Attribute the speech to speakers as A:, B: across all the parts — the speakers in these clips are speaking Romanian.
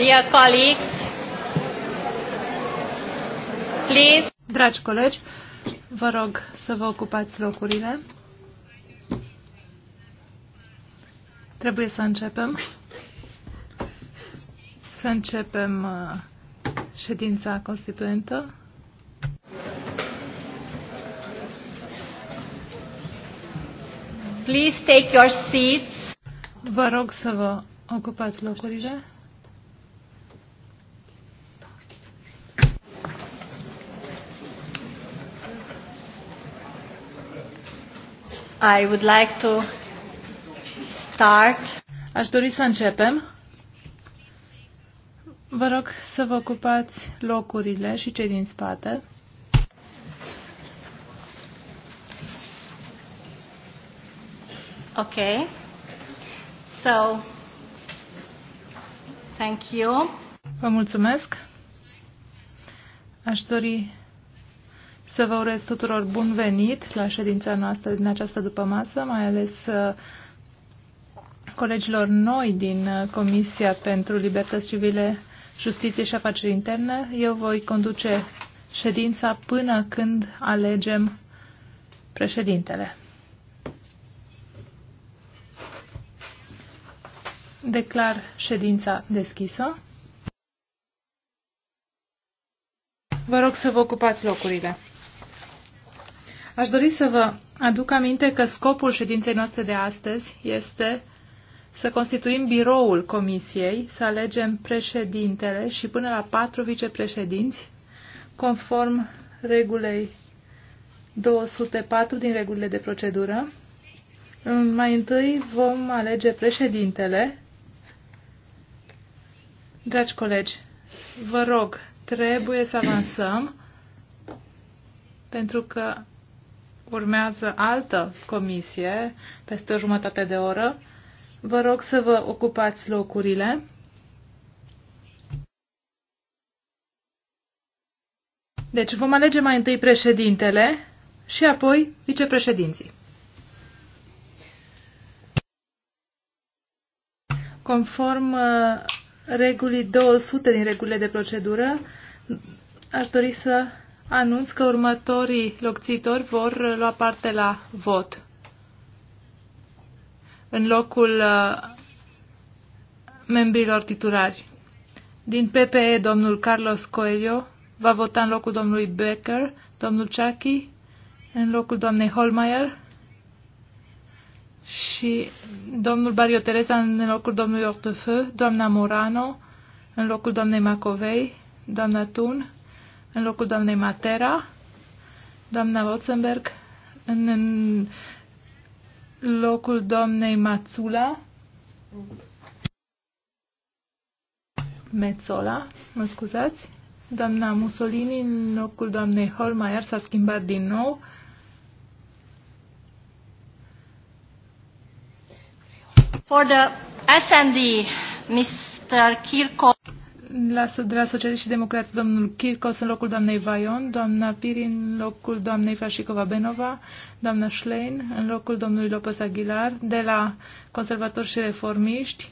A: Dear colleagues, please. Dragi colegi, vă rog să vă ocupați locurile. Trebuie să începem. Să începem uh, ședința constituentă. Please take your seats. Vă rog să vă ocupați locurile. I would like to start. Aș dori să începem. Vă rog să vă ocupați locurile și cei din spate. Ok. So, thank you. Vă mulțumesc. Aș dori să vă urez tuturor bun venit la ședința noastră din această dupămasă, mai ales uh, colegilor noi din uh, Comisia pentru Libertăți Civile, Justiție și Afaceri Interne. Eu voi conduce ședința până când alegem președintele. Declar ședința deschisă. Vă rog să vă ocupați locurile. Aș dori să vă aduc aminte că scopul ședinței noastre de astăzi este să constituim biroul comisiei, să alegem președintele și până la patru vicepreședinți, conform regulei 204 din regulile de procedură. Mai întâi vom alege președintele. Dragi colegi, vă rog, trebuie să avansăm pentru că urmează altă comisie peste o jumătate de oră. Vă rog să vă ocupați locurile. Deci vom alege mai întâi președintele și apoi vicepreședinții. Conform uh, regulii 200 din regulile de procedură, aș dori să anunț că următorii locțitori vor lua parte la vot. În locul uh, membrilor titulari. Din PPE, domnul Carlos Coelho va vota în locul domnului Becker, domnul Chucky, în locul doamnei Holmeier și domnul Barrio Teresa în locul domnului Ortefeu, doamna Morano în locul doamnei Macovei, doamna Thun, în locul doamnei Matera, doamna Wotzenberg, în, în locul doamnei Mațula, Mețola, mă scuzați, doamna Mussolini în locul doamnei Holmeier s-a schimbat din nou. For the SND, Mr. Kirko la, de la Socialiști și Democrați, domnul Kirkos în locul doamnei Vaion, doamna Piri în locul doamnei Frașicova Benova, doamna Schlein în locul domnului Lopez Aguilar, de la Conservatori și Reformiști,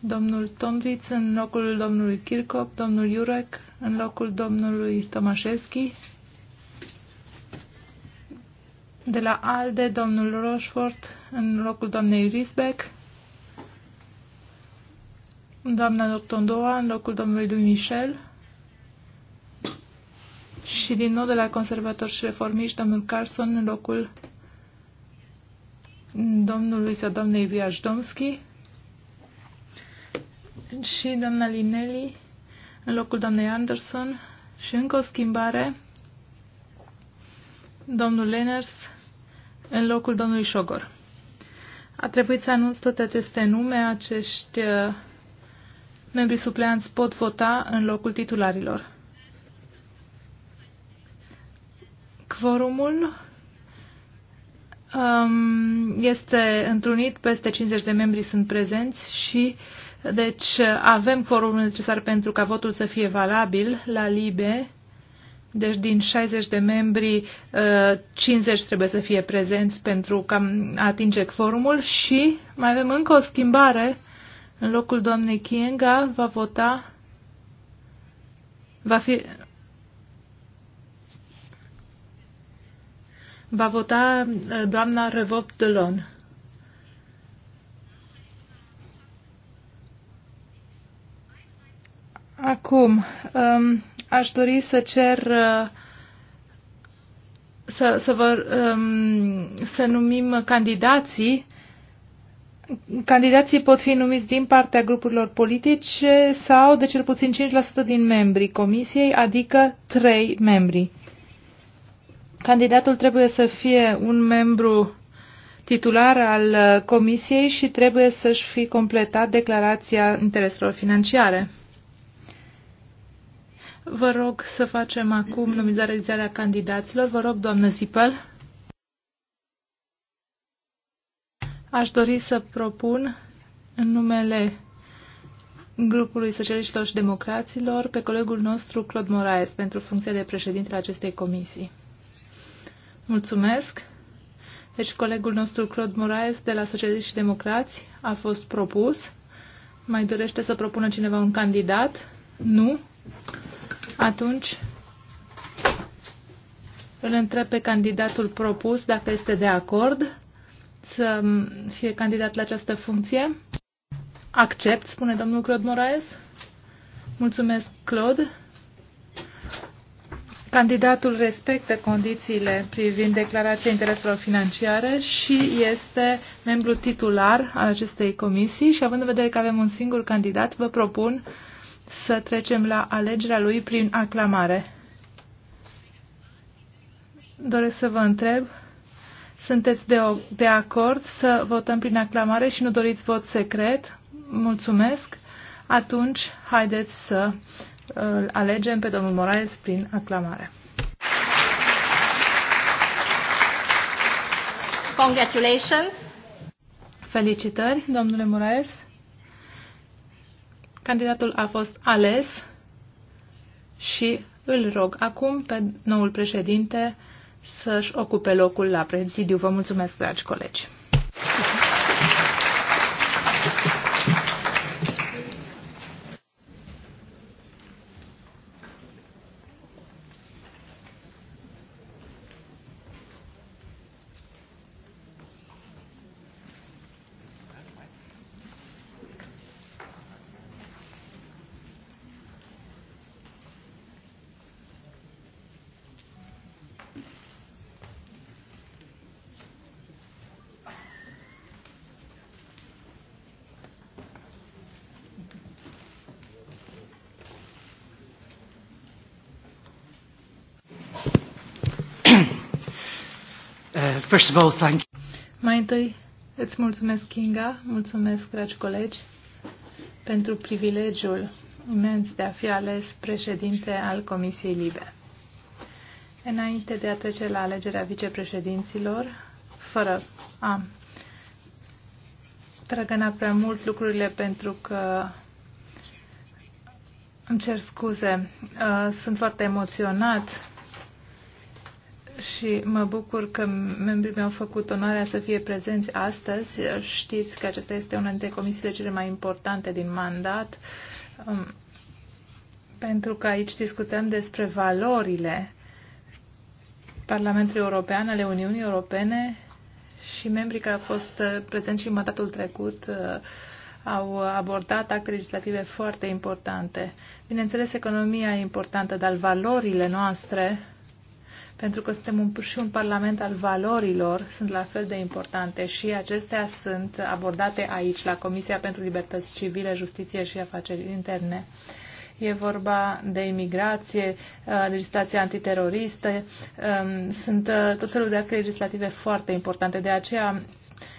A: domnul Tomviț în locul domnului Kirkop, domnul Iurec în locul domnului Tomașeschi, de la ALDE, domnul Roșfort în locul doamnei Risbeck, doamna Noctondoa în locul domnului lui Michel și din nou de la conservatori și reformiști domnul Carson în locul domnului sau doamnei Domski, și doamna Linelli în locul doamnei Anderson și încă o schimbare domnul Leners în locul domnului Șogor. A trebuit să anunț toate aceste nume, acești uh, membrii supleanți pot vota în locul titularilor. Quorumul um, este întrunit, peste 50 de membri sunt prezenți și deci avem quorumul necesar pentru ca votul să fie valabil la LIBE. Deci din 60 de membri, 50 uh, trebuie să fie prezenți pentru ca atinge quorumul și mai avem încă o schimbare în locul doamnei Kienga va vota, va fi, va vota uh, doamna Revop Delon. Acum, um, aș dori să cer uh, să, să, vă, um, să numim candidații Candidații pot fi numiți din partea grupurilor politice sau de cel puțin 5% din membrii comisiei, adică 3 membri. Candidatul trebuie să fie un membru titular al comisiei și trebuie să-și fi completat declarația intereselor financiare. Vă rog să facem acum nominalizarea candidaților. Vă rog, doamnă Zipel. Aș dori să propun în numele grupului socialiștilor și democraților pe colegul nostru Claude Moraes pentru funcția de președinte al acestei comisii. Mulțumesc! Deci colegul nostru Claude Moraes de la Socialiști și Democrați a fost propus. Mai dorește să propună cineva un candidat? Nu? Atunci îl întreb pe candidatul propus dacă este de acord să fie candidat la această funcție? Accept, spune domnul Claude Moraes. Mulțumesc, Claude. Candidatul respectă condițiile privind declarația intereselor financiare și este membru titular al acestei comisii și având în vedere că avem un singur candidat, vă propun să trecem la alegerea lui prin aclamare. Doresc să vă întreb sunteți de, de acord să votăm prin aclamare și nu doriți vot secret? Mulțumesc. Atunci, haideți să uh, îl alegem pe domnul Moraes prin aclamare. Congratulations! Felicitări, domnule Moraes. Candidatul a fost ales și îl rog acum pe noul președinte să-și ocupe locul la prezidiu. Vă mulțumesc, dragi colegi! first of all, thank you. Mai întâi, îți mulțumesc, Kinga, mulțumesc, dragi colegi, pentru privilegiul imens de a fi ales președinte al Comisiei Libe. Înainte de a trece la alegerea vicepreședinților, fără a trăgăna prea mult lucrurile pentru că îmi cer scuze, uh, sunt foarte emoționat și mă bucur că membrii mi-au făcut onoarea să fie prezenți astăzi. Știți că acesta este una dintre comisiile cele mai importante din mandat, um, pentru că aici discutăm despre valorile Parlamentului European, ale Uniunii Europene și membrii care au fost uh, prezenți și în mandatul trecut uh, au abordat acte legislative foarte importante. Bineînțeles, economia e importantă, dar valorile noastre pentru că suntem un, și un parlament al valorilor, sunt la fel de importante și acestea sunt abordate aici, la Comisia pentru Libertăți Civile, Justiție și Afaceri Interne. E vorba de imigrație, uh, legislația antiteroristă, um, sunt uh, tot felul de acte legislative foarte importante. De aceea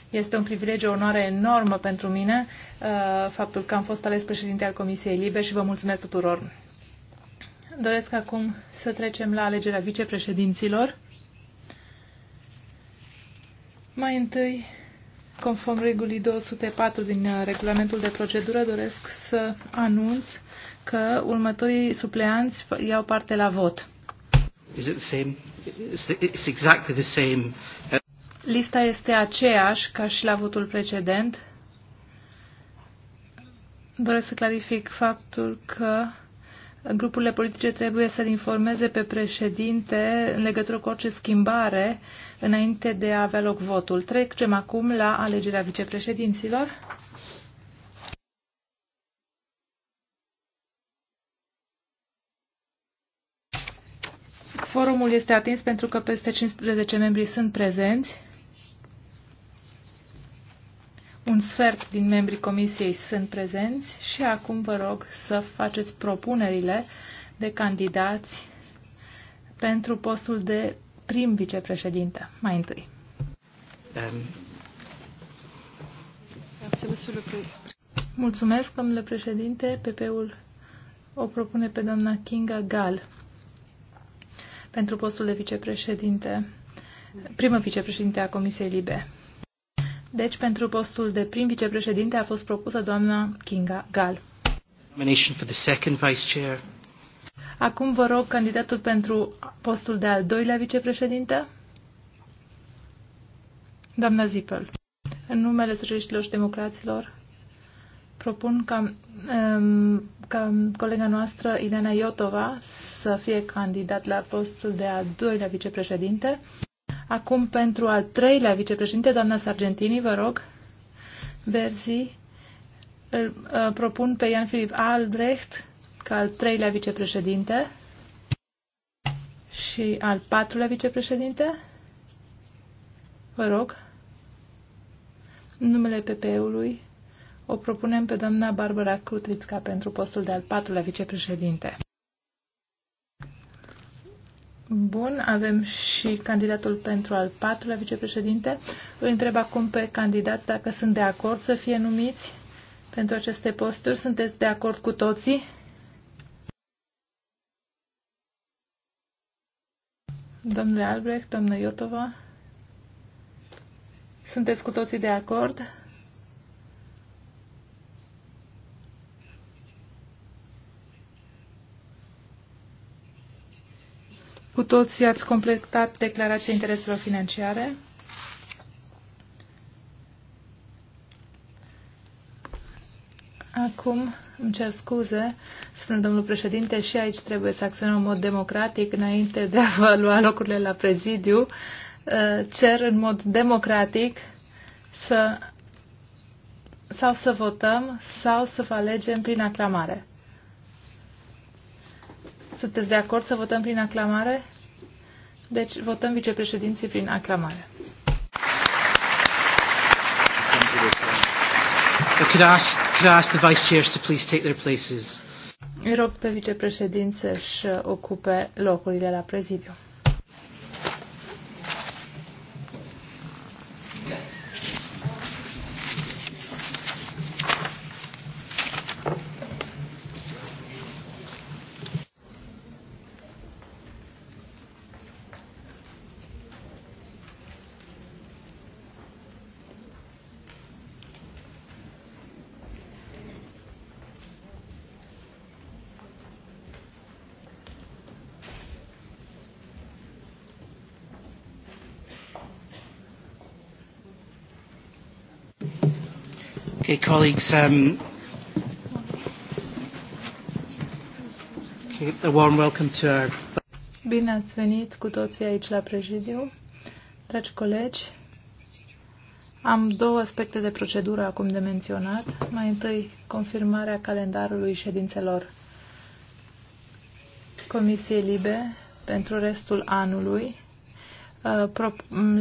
A: este un privilegiu, o onoare enormă pentru mine uh, faptul că am fost ales președinte al Comisiei Libe și vă mulțumesc tuturor. Doresc acum să trecem la alegerea vicepreședinților. Mai întâi, conform regulii 204 din regulamentul de procedură, doresc să anunț că următorii supleanți iau parte la vot. Is it the same? It's, the, it's exactly the same. Lista este aceeași ca și la votul precedent. Doresc să clarific faptul că grupurile politice trebuie să-l informeze pe președinte în legătură cu orice schimbare înainte de a avea loc votul. Trecem acum la alegerea vicepreședinților. Forumul este atins pentru că peste 15 membri sunt prezenți un sfert din membrii comisiei sunt prezenți și acum vă rog să faceți propunerile de candidați pentru postul de prim vicepreședinte, mai întâi. Mulțumesc, domnule președinte. PP-ul o propune pe doamna Kinga Gal pentru postul de vicepreședinte, primă vicepreședinte a Comisiei Libe. Deci, pentru postul de prim vicepreședinte a fost propusă doamna Kinga Gal. Acum vă rog candidatul pentru postul de al doilea vicepreședinte. Doamna Zipel, în numele Socialiștilor și Democraților, propun ca, um, ca colega noastră, Ileana Iotova, să fie candidat la postul de al doilea vicepreședinte. Acum, pentru al treilea vicepreședinte, doamna Sargentini, vă rog, Berzi, îl uh, propun pe Ian Filip Albrecht ca al treilea vicepreședinte și al patrulea vicepreședinte. Vă rog, numele PP-ului o propunem pe doamna Barbara Crutrițca pentru postul de al patrulea vicepreședinte. Bun, avem și candidatul pentru al patrulea vicepreședinte. Îl întreb acum pe candidat dacă sunt de acord să fie numiți pentru aceste posturi. Sunteți de acord cu toții? Domnule Albrecht, domnule Iotova, sunteți cu toții de acord? Cu toții ați completat declarația intereselor financiare? Acum îmi cer scuze, spune domnul președinte, și aici trebuie să acționăm în mod democratic înainte de a vă lua locurile la prezidiu. Uh, cer în mod democratic să sau să votăm sau să vă alegem prin aclamare. Sunteți de acord să votăm prin aclamare? Deci votăm vicepreședinții prin aclamare. Could I ask, could ask the vice chairs to please take their places? Îi rog pe vicepreședinți să-și ocupe locurile la prezidiu. Okay, colleagues, um, okay, a warm welcome to our... Bine ați venit cu toții aici la prezidiu. Dragi colegi, am două aspecte de procedură acum de menționat. Mai întâi, confirmarea calendarului ședințelor Comisiei Libe pentru restul anului Uh,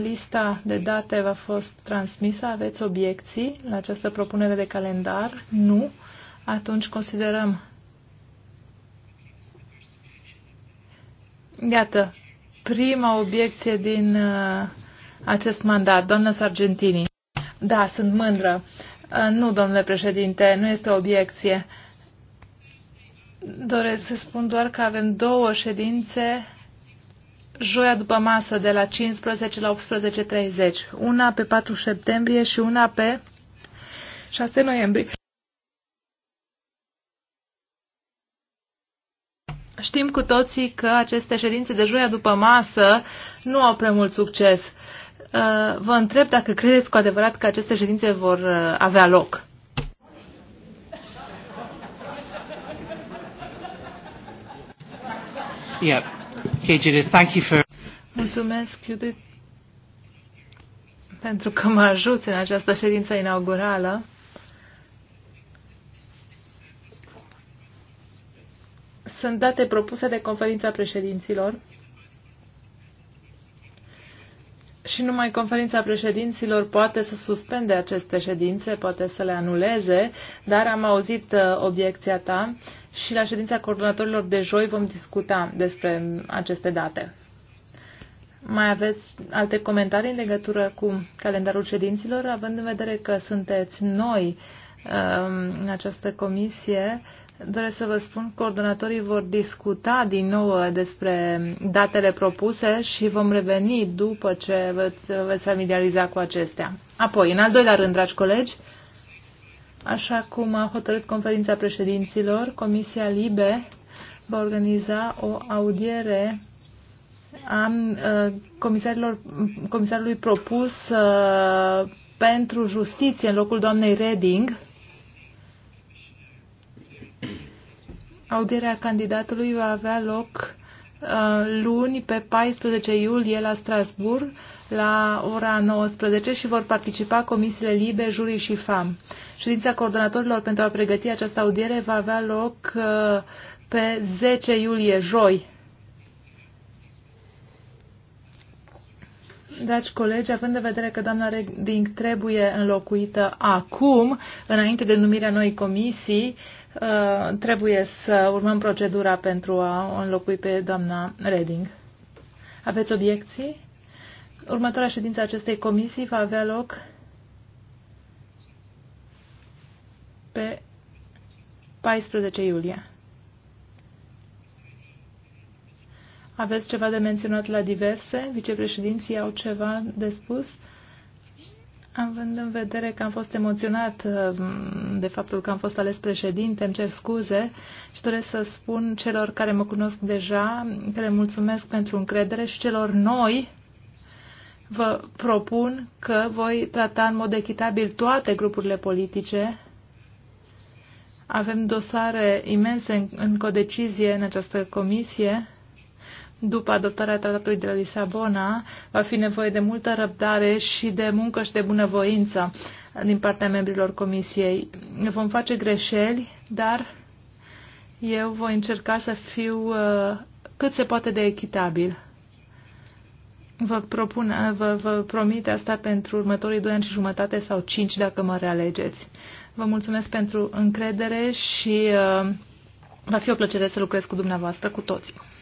A: lista de date a fost transmisă. Aveți obiecții la această propunere de calendar? Nu. Atunci considerăm. Iată, prima obiecție din uh, acest mandat, doamnă Sargentini. Da, sunt mândră. Uh, nu, domnule președinte, nu este o obiecție. Doresc să spun doar că avem două ședințe joia după masă de la 15 la 18.30, una pe 4 septembrie și una pe 6 noiembrie. Știm cu toții că aceste ședințe de joia după masă nu au prea mult succes. Uh, vă întreb dacă credeți cu adevărat că aceste ședințe vor uh, avea loc. Yeah. Okay, Judith, thank you for... Mulțumesc, Judith, pentru că mă ajuți în această ședință inaugurală. Sunt date propuse de conferința președinților și numai conferința președinților poate să suspende aceste ședințe, poate să le anuleze, dar am auzit uh, obiecția ta și la ședința coordonatorilor de joi vom discuta despre aceste date. Mai aveți alte comentarii în legătură cu calendarul ședinților, având în vedere că sunteți noi uh, Um, în această comisie. Doresc să vă spun că coordonatorii vor discuta din nou uh, despre datele propuse și vom reveni după ce veți, veți familiariza cu acestea. Apoi, în al doilea rând, dragi colegi, așa cum a hotărât conferința președinților, Comisia Libe va organiza o audiere a uh, comisarilor, comisarului propus uh, pentru justiție în locul doamnei Reding Audierea candidatului va avea loc uh, luni pe 14 iulie la Strasburg la ora 19 și vor participa comisiile LIBE, Jurii și FAM. Ședința coordonatorilor pentru a pregăti această audiere va avea loc uh, pe 10 iulie, joi, Dragi colegi, având în vedere că doamna Reding trebuie înlocuită acum, înainte de numirea noi comisii, uh, trebuie să urmăm procedura pentru a înlocui pe doamna Reding. Aveți obiecții? Următoarea ședință a acestei comisii va avea loc pe 14 iulie. Aveți ceva de menționat la diverse? Vicepreședinții au ceva de spus? Având în vedere că am fost emoționat mm, de faptul că am fost ales președinte, îmi cer scuze și doresc să spun celor care mă cunosc deja, că le mulțumesc pentru încredere și celor noi, vă propun că voi trata în mod echitabil toate grupurile politice. Avem dosare imense în, în codecizie în această comisie după adoptarea tratatului de la Lisabona, va fi nevoie de multă răbdare și de muncă și de bunăvoință din partea membrilor comisiei. Vom face greșeli, dar eu voi încerca să fiu uh, cât se poate de echitabil. Vă, propun, uh, vă, vă promit asta pentru următorii 2 ani și jumătate sau 5 dacă mă realegeți. Vă mulțumesc pentru încredere și uh, va fi o plăcere să lucrez cu dumneavoastră, cu toții.